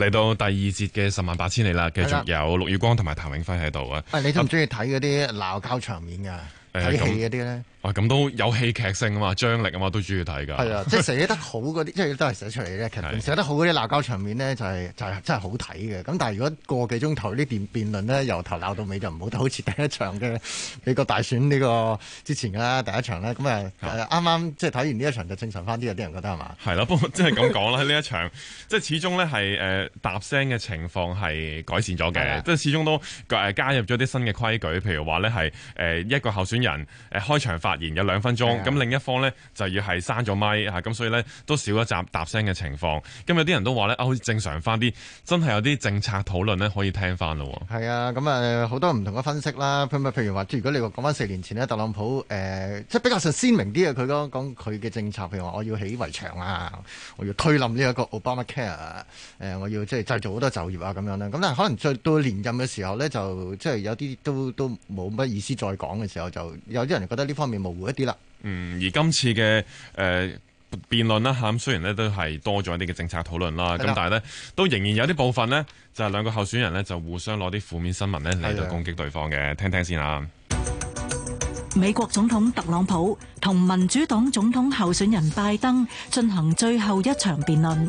嚟到第二節嘅十萬八千里啦，繼續有陸宇光同埋譚永輝喺度啊！喂，你中唔中意睇嗰啲鬧交場面嘅睇戲嗰啲咧？咁、哦、都有戲劇性啊嘛，張力啊嘛，都中意睇㗎。啊，即、就、係、是、寫得好嗰啲， 即係都係寫出嚟嘅劇情。寫得好嗰啲鬧交場面咧、就是，就係、是、就真係好睇嘅。咁但係如果過幾個幾鐘頭呢辯辯論咧，由頭鬧到尾就唔好，好似第一場嘅美國大選呢個之前㗎啦，第一場呢，咁啊啱啱即係睇完呢一場就正常返啲。有啲人覺得係嘛？係啦，不過即係咁講啦，呢 一場即係始終咧係搭答聲嘅情況係改善咗嘅，即係始終都加入咗啲新嘅規矩，譬如話咧係一個候選人開場發發言有兩分鐘，咁、啊、另一方呢就要係閂咗咪，啊，咁所以呢都少一集搭聲嘅情況。咁有啲人都話呢，好似正常翻啲，真係有啲政策討論呢可以聽翻咯。係啊，咁啊好多唔同嘅分析啦，譬如話，如果你話講翻四年前呢，特朗普誒、呃，即係比較上鮮明啲嘅，佢講講佢嘅政策，譬如話我要起圍牆啊，我要推冧呢一個 Obamacare，誒、呃，我要即係製造好多就業啊，咁樣咧。咁但可能最到連任嘅時候呢，就即係有啲都都冇乜意思再講嘅時候，就有啲人覺得呢方面。模糊一啲啦。嗯，而今次嘅誒辯論啦吓，咁雖然咧都係多咗一啲嘅政策討論啦，咁但係咧都仍然有啲部分呢，就係、是、兩個候選人呢，就互相攞啲負面新聞咧嚟到攻擊對方嘅，聽聽先啊。美國總統特朗普同民主黨總統候選人拜登進行最後一場辯論。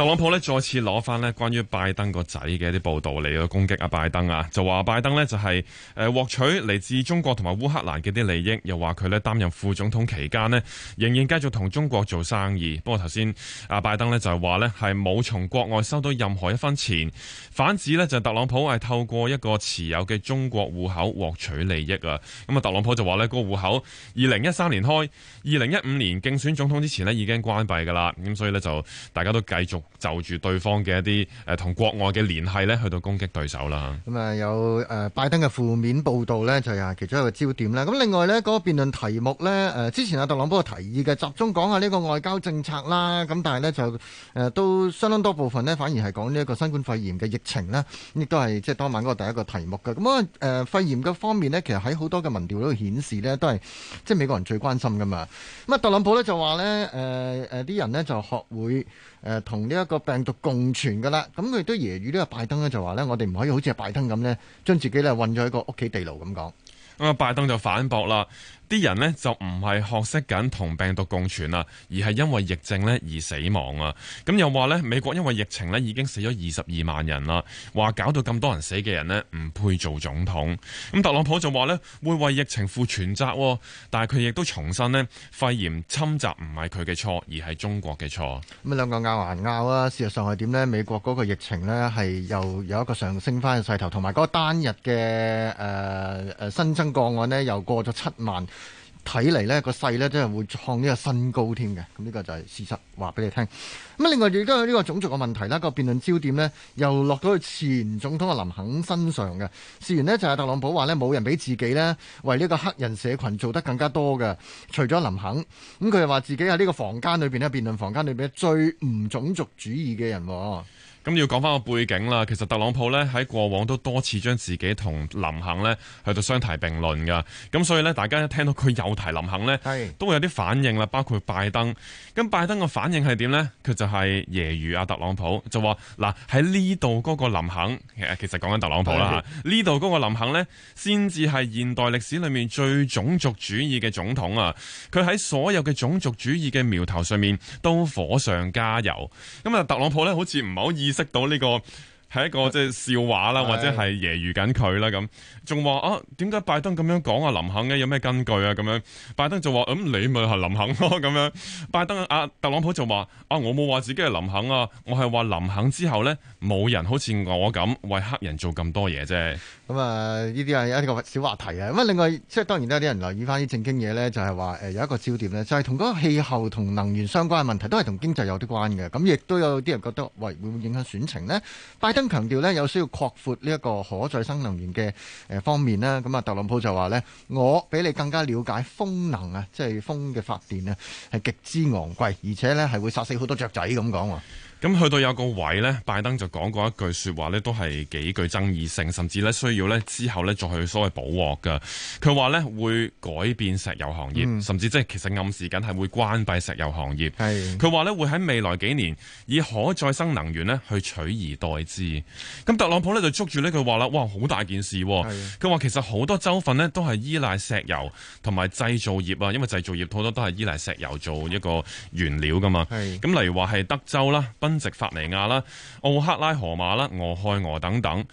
特朗普咧再次攞翻咧關於拜登個仔嘅一啲報道嚟去攻擊阿拜登啊，就話拜登咧就係誒獲取嚟自中國同埋烏克蘭嘅啲利益，又話佢咧擔任副總統期間咧仍然繼續同中國做生意。不過頭先阿拜登咧就係話咧係冇從國外收到任何一分錢，反指咧就特朗普係透過一個持有嘅中國戶口獲取利益啊。咁啊，特朗普就話呢嗰個戶口二零一三年開，二零一五年競選總統之前咧已經關閉㗎喇。咁所以呢，就大家都繼續。就住對方嘅一啲誒同國外嘅聯繫呢，去到攻擊對手啦。咁、嗯、啊，有誒、呃、拜登嘅負面報導呢，就係其中一個焦點啦。咁另外呢，嗰、那個辯論題目呢，誒、呃、之前阿、啊、特朗普嘅提議嘅，集中講下呢個外交政策啦。咁但係呢，就誒、呃、都相當多部分呢，反而係講呢一個新冠肺炎嘅疫情呢，亦都係即係當晚嗰個第一個題目嘅。咁啊誒肺炎嘅方面呢，其實喺好多嘅民調都顯示呢，都係即係美國人最關心噶嘛。咁啊，特朗普說呢，就話呢，誒誒啲人呢，就學會，誒、呃、同呢一個病毒共存噶啦，咁佢都揶揄呢個拜登咧，就話咧我哋唔可以好似拜登咁呢，將自己咧困咗喺個屋企地牢咁講。啊、嗯，拜登就反駁啦。啲人呢就唔係學識緊同病毒共存啊，而係因為疫症呢而死亡啊！咁又話呢，美國因為疫情呢已經死咗二十二萬人啦，話搞到咁多人死嘅人呢唔配做總統。咁特朗普就話呢會為疫情負全責，但係佢亦都重申呢，肺炎侵襲唔係佢嘅錯，而係中國嘅錯。咁兩個拗還拗啊，事實上係點呢？美國嗰個疫情呢係又有一個上升翻嘅勢頭，同埋嗰單日嘅誒、呃、新增個案呢又過咗七萬。睇嚟呢個勢呢，真係會創呢個新高添嘅，咁呢個就係事實，話俾你聽。咁另外亦都有呢個種族嘅問題啦，個辯論焦點呢，又落到去前總統阿林肯身上嘅。事緣呢，就係特朗普話呢，冇人比自己呢，為呢個黑人社群做得更加多嘅，除咗林肯。咁佢又話自己喺呢個房間裏面呢，辯論房間裏邊最唔種族主義嘅人。咁要講翻個背景啦，其實特朗普咧喺過往都多次將自己同林肯呢去到相提並論㗎。咁所以呢，大家一聽到佢又提林肯呢，都會有啲反應啦。包括拜登，咁拜登嘅反應係點呢？佢就係揶揄阿特朗普，就話嗱喺呢度嗰個林肯，其實其實講緊特朗普啦。呢度嗰個林肯呢，先至係現代歷史裏面最種族主義嘅總統啊！佢喺所有嘅種族主義嘅苗頭上面都火上加油。咁啊，特朗普呢，好似唔係好意識到呢、這個係一個即係笑話啦，或者係揶揄緊佢啦咁，仲話啊，點解拜登咁樣講啊林肯咧？有咩根據啊？咁樣拜登就話，咁你咪係林肯咯咁樣。拜登阿、啊啊啊、特朗普就話啊，我冇話自己係林肯啊，我係話林肯之後咧冇人好似我咁為黑人做咁多嘢啫。咁啊，呢啲係一個小話題啊。咁啊，另外即係當然都有啲人留意翻啲正經嘢呢就係話誒有一個焦點呢就係同嗰個氣候同能源相關嘅問題都係同經濟有啲關嘅。咁亦都有啲人覺得，喂會唔會影響選情呢？拜登強調呢，有需要擴闊呢一個可再生能源嘅誒方面啦。咁啊，特朗普就話呢：「我比你更加了解風能啊，即係風嘅發電啊，係極之昂貴，而且呢係會殺死好多雀仔咁講。咁去到有個位咧，拜登就講過一句說話咧，都係幾具爭議性，甚至咧需要咧之後咧再去所謂補鑊㗎。佢話咧會改變石油行業，嗯、甚至即係其實暗示緊係會關閉石油行業。佢話咧會喺未來幾年以可再生能源咧去取而代之。咁特朗普咧就捉住呢句話啦，哇！好大件事，啊。佢話其實好多州份呢都係依賴石油同埋製造業啊，因為製造業好多都係依賴石油做一個原料噶嘛。咁，例如話係德州啦，賓夕法尼亞啦、奧克拉荷馬啦、俄亥俄等等，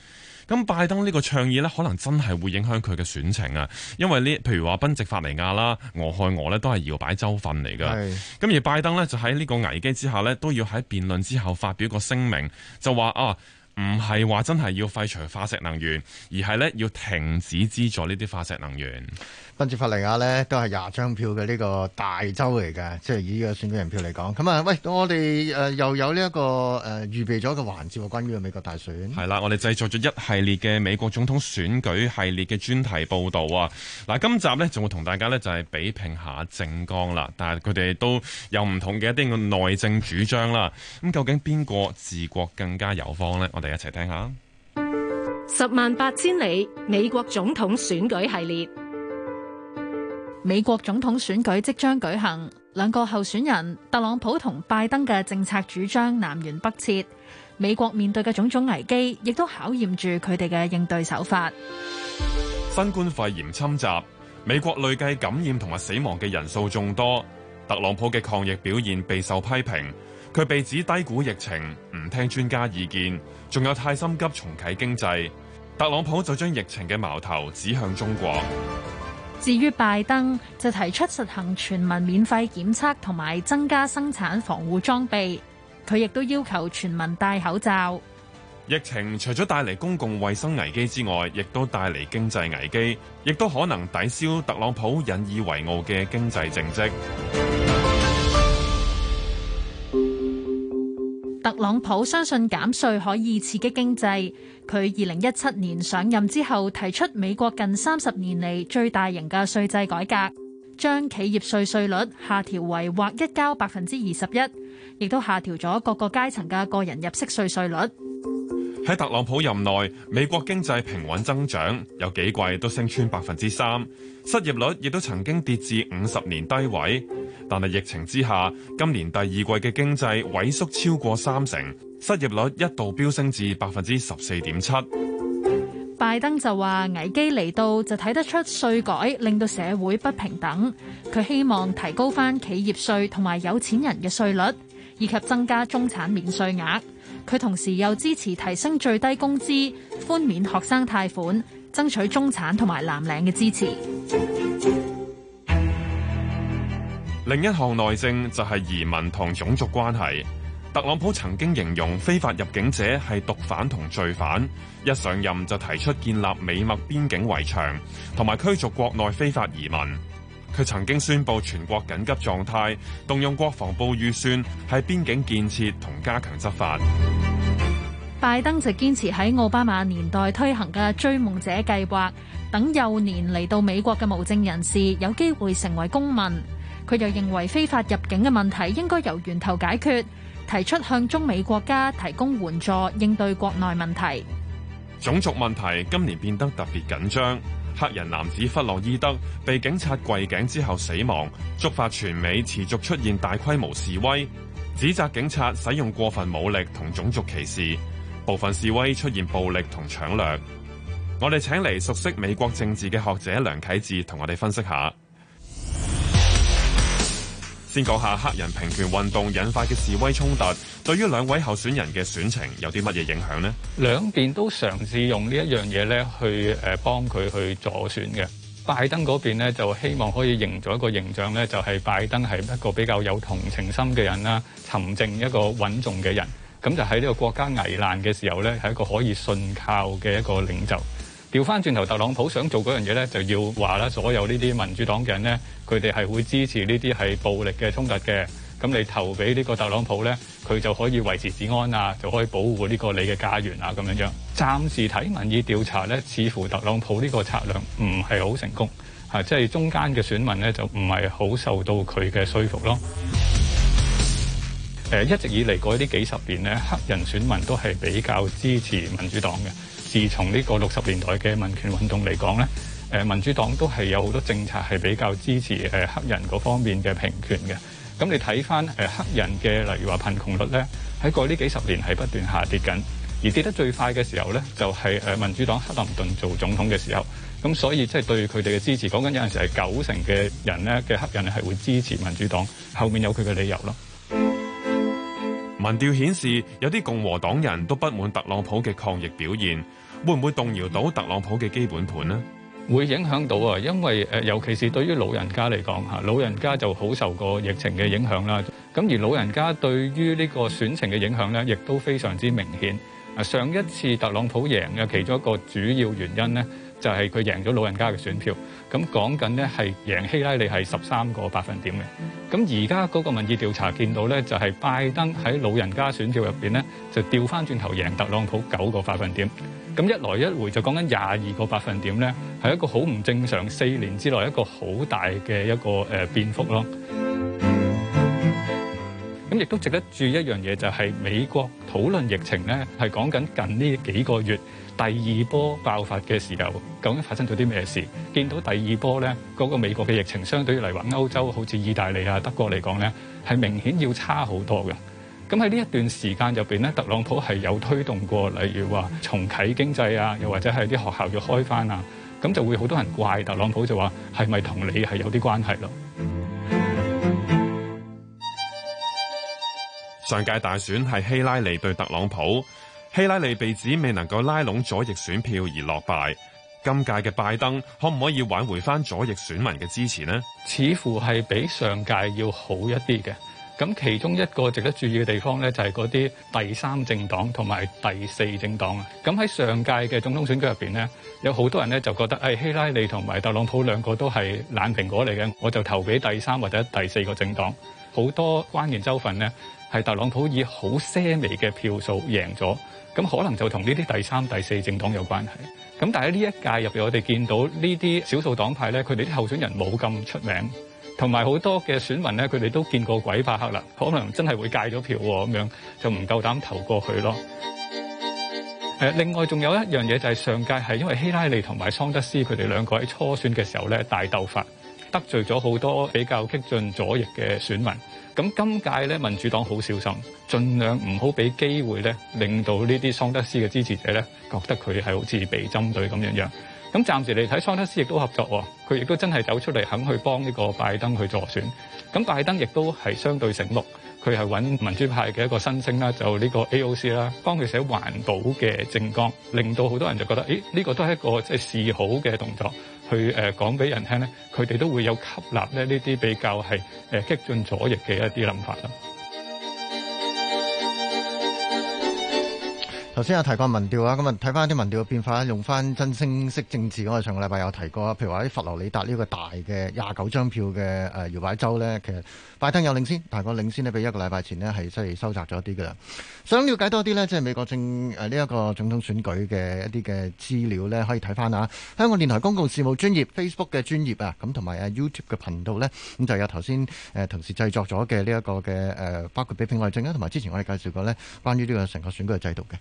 咁拜登呢個倡議呢，可能真係會影響佢嘅選情啊，因為呢，譬如話賓夕法尼亞啦、俄亥俄呢都係搖擺州份嚟噶。咁而拜登呢，就喺呢個危機之下呢，都要喺辯論之後發表個聲明，就話啊。唔係話真係要廢除化石能源，而係咧要停止資助呢啲化石能源。賓夕法尼亞呢，都係廿張票嘅呢個大州嚟嘅，即係以個選舉人票嚟講。咁啊，喂，咁我哋誒、呃、又有呢、這、一個誒、呃、預備咗一個環節啊，關於美國大選。係啦，我哋製作咗一系列嘅美國總統選舉系列嘅專題報導啊。嗱，今集呢，仲會同大家呢，就係、是、比拼下政綱啦。但係佢哋都有唔同嘅一啲嘅內政主張啦。咁 究竟邊個治國更加有方呢？嚟一齊聽下，十萬八千里美國總統選舉系列。美國總統選舉即將舉行，兩個候選人特朗普同拜登嘅政策主張南轅北轍。美國面對嘅種種危機，亦都考驗住佢哋嘅應對手法。新冠肺炎侵襲，美國累計感染同埋死亡嘅人數眾多，特朗普嘅抗疫表現備受批評。佢被指低估疫情，唔聽專家意見，仲有太心急重啟經濟。特朗普就將疫情嘅矛頭指向中國。至於拜登，就提出實行全民免費檢測同埋增加生產防護裝備，佢亦都要求全民戴口罩。疫情除咗帶嚟公共衛生危機之外，亦都帶嚟經濟危機，亦都可能抵消特朗普引以為傲嘅經濟政績。特朗普相信減稅可以刺激經濟。佢二零一七年上任之後提出美國近三十年嚟，最大型嘅稅制改革，將企業稅稅率下調為劃一嘅百分之二十一，亦都下調咗各個階層嘅個人入息稅稅率。喺特朗普任內，美國經濟平穩增長，有幾季都升穿百分之三，失業率亦都曾經跌至五十年低位。但係疫情之下，今年第二季嘅經濟萎縮超過三成，失業率一度飆升至百分之十四點七。拜登就話：危機嚟到就睇得出稅改令到社會不平等，佢希望提高返企業稅同埋有錢人嘅稅率，以及增加中產免稅額。佢同時又支持提升最低工資、寬免學生貸款、爭取中產同埋藍領嘅支持。另一項內政就係移民同種族關係。特朗普曾經形容非法入境者係毒犯同罪犯。一上任就提出建立美墨邊境圍牆同埋驅逐國內非法移民。佢曾經宣布全國緊急狀態，動用國防部預算喺邊境建設同加強執法。拜登就堅持喺奧巴馬年代推行嘅追夢者計劃，等幼年嚟到美國嘅無證人士有機會成為公民。佢又認為非法入境嘅問題應該由源頭解決，提出向中美國家提供援助，應對國內問題。種族問題今年變得特別緊張，黑人男子弗洛伊德被警察跪頸之後死亡，觸發全美持續出現大規模示威，指責警察使用過分武力同種族歧視。部分示威出現暴力同搶掠，我哋請嚟熟悉美國政治嘅學者梁啟智同我哋分析下。先講下黑人平權運動引發嘅示威衝突，對於兩位候選人嘅選情有啲乜嘢影響呢？兩邊都嘗試用呢一樣嘢咧，去誒幫佢去助選嘅。拜登嗰邊就希望可以營造一個形象咧，就係拜登係一個比較有同情心嘅人啦，沉靜一個穩重嘅人。咁就喺呢個國家危難嘅時候呢，係一個可以信靠嘅一個領袖。調翻轉頭，特朗普想做嗰樣嘢呢，就要話啦：「所有呢啲民主黨嘅人呢，佢哋係會支持呢啲係暴力嘅衝突嘅。咁你投俾呢個特朗普呢，佢就可以維持治安啊，就可以保護呢個你嘅家園啊咁樣樣。暫時睇民意調查呢，似乎特朗普呢個策略唔係好成功，即係、啊即係、中間嘅選民呢，就唔係好受到佢嘅説服咯。誒，一直以嚟過呢幾十年咧，黑人選民都係比較支持民主黨嘅。自從呢個六十年代嘅民權運動嚟講咧，誒民主黨都係有好多政策係比較支持誒黑人嗰方面嘅平權嘅。咁你睇翻誒黑人嘅，例如話貧窮率呢，喺過去呢幾十年係不斷下跌緊，而跌得最快嘅時候呢，就係誒民主黨克林頓做總統嘅時候。咁所以即係對佢哋嘅支持，講緊有陣時係九成嘅人呢嘅黑人係會支持民主黨，後面有佢嘅理由咯。民調顯示,有啲共和黨人都不滿特朗普嘅抗疫表現,會唔會動搖到特朗普嘅基本盤呢?會影響到啊,因為誒,尤其是對於老人家嚟講,老人家就好受過疫情嘅影響啦,咁而老人家對於呢個選情嘅影響呢,亦都非常之明顯。啊,上一次特朗普贏嘅其中一個主要原因呢,就係佢贏咗老人家嘅選票，咁講緊呢係贏希拉里係十三個百分點嘅，咁而家嗰個民意調查見到呢，就係拜登喺老人家選票入邊呢，就調翻轉頭贏特朗普九個百分點，咁一來一回就講緊廿二個百分點呢，係一個好唔正常，四年之內一個好大嘅一個誒變幅咯。亦都值得注意一樣嘢，就係美國討論疫情咧，係講緊近呢幾個月第二波爆發嘅時候，究竟發生咗啲咩事？見到第二波咧，嗰個美國嘅疫情相對嚟話，歐洲好似意大利啊、德國嚟講咧，係明顯要差好多嘅。咁喺呢一段時間入面咧，特朗普係有推動過，例如話重啟經濟啊，又或者係啲學校要開返啊，咁就會好多人怪特朗普，就話係咪同你係有啲關係咯？上屆大選係希拉里對特朗普，希拉里被指未能夠拉攏左翼選票而落敗。今屆嘅拜登可唔可以挽回翻左翼選民嘅支持呢？似乎係比上屆要好一啲嘅。咁其中一個值得注意嘅地方咧，就係嗰啲第三政黨同埋第四政黨啊。咁喺上屆嘅總統選舉入邊咧，有好多人咧就覺得誒、哎，希拉里同埋特朗普兩個都係爛蘋果嚟嘅，我就投俾第三或者第四個政黨。好多關鍵州份咧。係特朗普以好些微嘅票數贏咗，咁可能就同呢啲第三、第四政黨有關係。咁但係呢一屆入邊，我哋見到呢啲少數黨派咧，佢哋啲候選人冇咁出名，同埋好多嘅選民咧，佢哋都見過鬼怕黑啦，可能真係會戒咗票喎，咁樣就唔夠膽投過去咯。誒，另外仲有一樣嘢就係上屆係因為希拉里同埋桑德斯佢哋兩個喺初選嘅時候咧，大鬥法。得罪咗好多比較激進左翼嘅選民，咁今屆咧民主黨好小心，盡量唔好俾機會咧，令到呢啲桑德斯嘅支持者咧覺得佢係好似被針對咁樣樣。咁暫時嚟睇桑德斯亦都合作喎、哦，佢亦都真係走出嚟肯去幫呢個拜登去助選。咁拜登亦都係相對醒目，佢係揾民主派嘅一個新星啦，就呢個 AOC 啦，幫佢寫環保嘅政綱，令到好多人就覺得，誒呢、這個都係一個即係示好嘅動作。去誒講俾人聽咧，佢哋都會有吸納咧呢啲比較係誒、呃、激進左翼嘅一啲諗法啦。頭先有提過民調啊，咁啊睇翻啲民調嘅變化用翻真聲式政治，我哋上個禮拜有提過，譬如話喺佛羅里達呢個大嘅廿九張票嘅誒搖擺州呢，其實拜登有領先，但係個領先呢，比一個禮拜前呢，係即係收窄咗啲嘅啦。想了解多啲呢，即係美國政誒呢一個總統選舉嘅一啲嘅資料呢，可以睇翻啊。香港電台公共事務專業 Facebook 嘅專頁啊，咁同埋啊 YouTube 嘅頻道呢。咁就有頭先誒同事製作咗嘅呢一個嘅誒，包括比拼內政啊，同埋之前我哋介紹過呢，關於呢個成個選舉嘅制度嘅。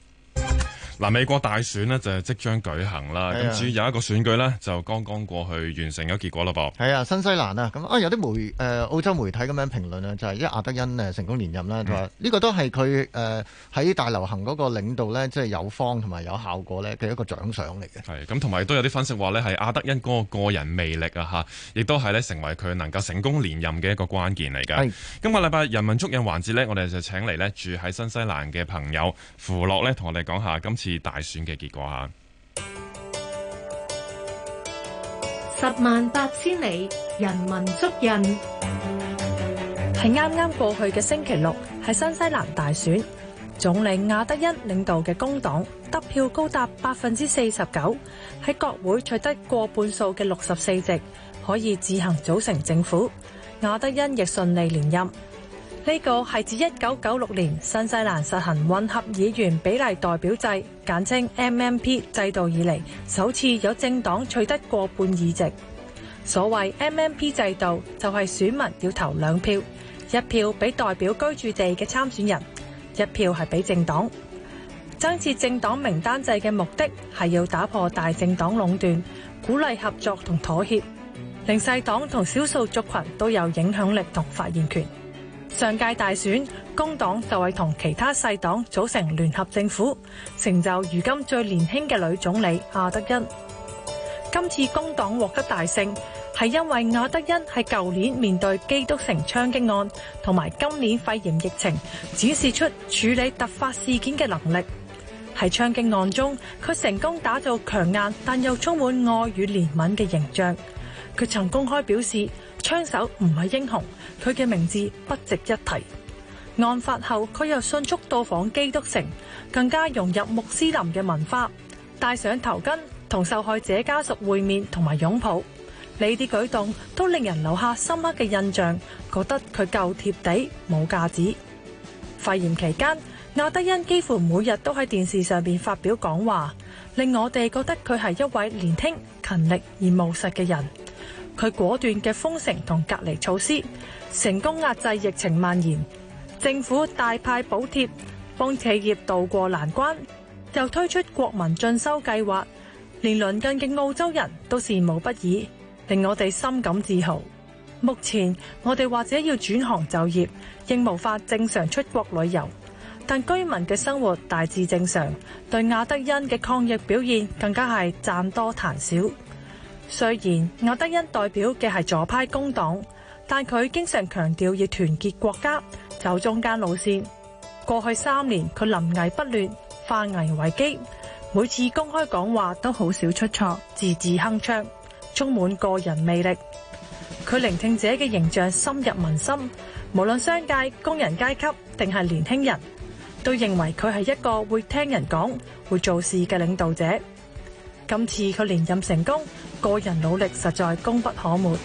嗱，美國大選咧就係即將舉行啦，咁、啊、至於有一個選舉呢，就剛剛過去完成咗結果嘞噃。係啊，新西蘭啊，咁啊有啲媒誒、呃、澳洲媒體咁樣評論咧，就係因為阿德恩誒成功連任啦，佢、嗯、呢、這個都係佢誒喺大流行嗰個領導咧，即、就、係、是、有方同埋有效果呢嘅一個獎賞嚟嘅。係咁，同埋都有啲分析話呢係阿德恩個個人魅力啊嚇，亦都係呢成為佢能夠成功連任嘅一個關鍵嚟嘅。今個禮拜人民足印環節呢，我哋就請嚟呢住喺新西蘭嘅朋友弗洛呢，同我哋講下今次。次大選嘅結果吓，十萬八千里人民足印，係啱啱過去嘅星期六，係新西蘭大選，總理亞德恩領導嘅工黨得票高達百分之四十九，喺國會取得過半數嘅六十四席，可以自行組成政府，亞德恩亦順利連任。呢個係自一九九六年新西蘭實行混合議員比例代表制（簡稱 MMP 制度）以來，首次有政黨取得過半議席。所謂 MMP 制度就係選民要投兩票，一票俾代表居住地嘅參選人，一票係俾政黨。增設政黨名單制嘅目的係要打破大政黨壟斷，鼓勵合作同妥協，令細黨同少數族群都有影響力同發言權。上屆大選，工黨就係同其他細黨組成聯合政府，成就如今最年輕嘅女總理阿德恩。今次工黨獲得大勝，係因為阿德恩喺舊年面對基督城槍擊案同埋今年肺炎疫情，展示出處理突發事件嘅能力。喺槍擊案中，佢成功打造強硬但又充滿愛與憐憫嘅形象。佢曾公開表示，槍手唔係英雄，佢嘅名字不值一提。案發後，佢又迅速到訪基督城，更加融入穆斯林嘅文化，戴上頭巾，同受害者家屬會面同埋擁抱。呢啲舉動都令人留下深刻嘅印象，覺得佢夠貼地，冇架子。肺炎期間，亞德恩幾乎每日都喺電視上邊發表講話，令我哋覺得佢係一位年輕、勤力而務實嘅人。佢果斷嘅封城同隔離措施，成功壓制疫情蔓延。政府大派補貼，幫企業渡過難關，又推出國民進修計劃，連鄰近嘅澳洲人都羨慕不已，令我哋深感自豪。目前我哋或者要轉行就業，仍無法正常出國旅遊，但居民嘅生活大致正常。對亞德恩嘅抗疫表現，更加係讚多彈少。雖然阿德恩代表嘅係左派工黨，但佢經常強調要團結國家，走中間路線。過去三年，佢臨危不亂，化危為機，每次公開講話都好少出錯，字字鏗鏘，充滿個人魅力。佢聆聽者嘅形象深入民心，無論商界、工人階級定係年輕人，都認為佢係一個會聽人講、會做事嘅領導者。今次佢連任成功。個人努力實在功不可沒。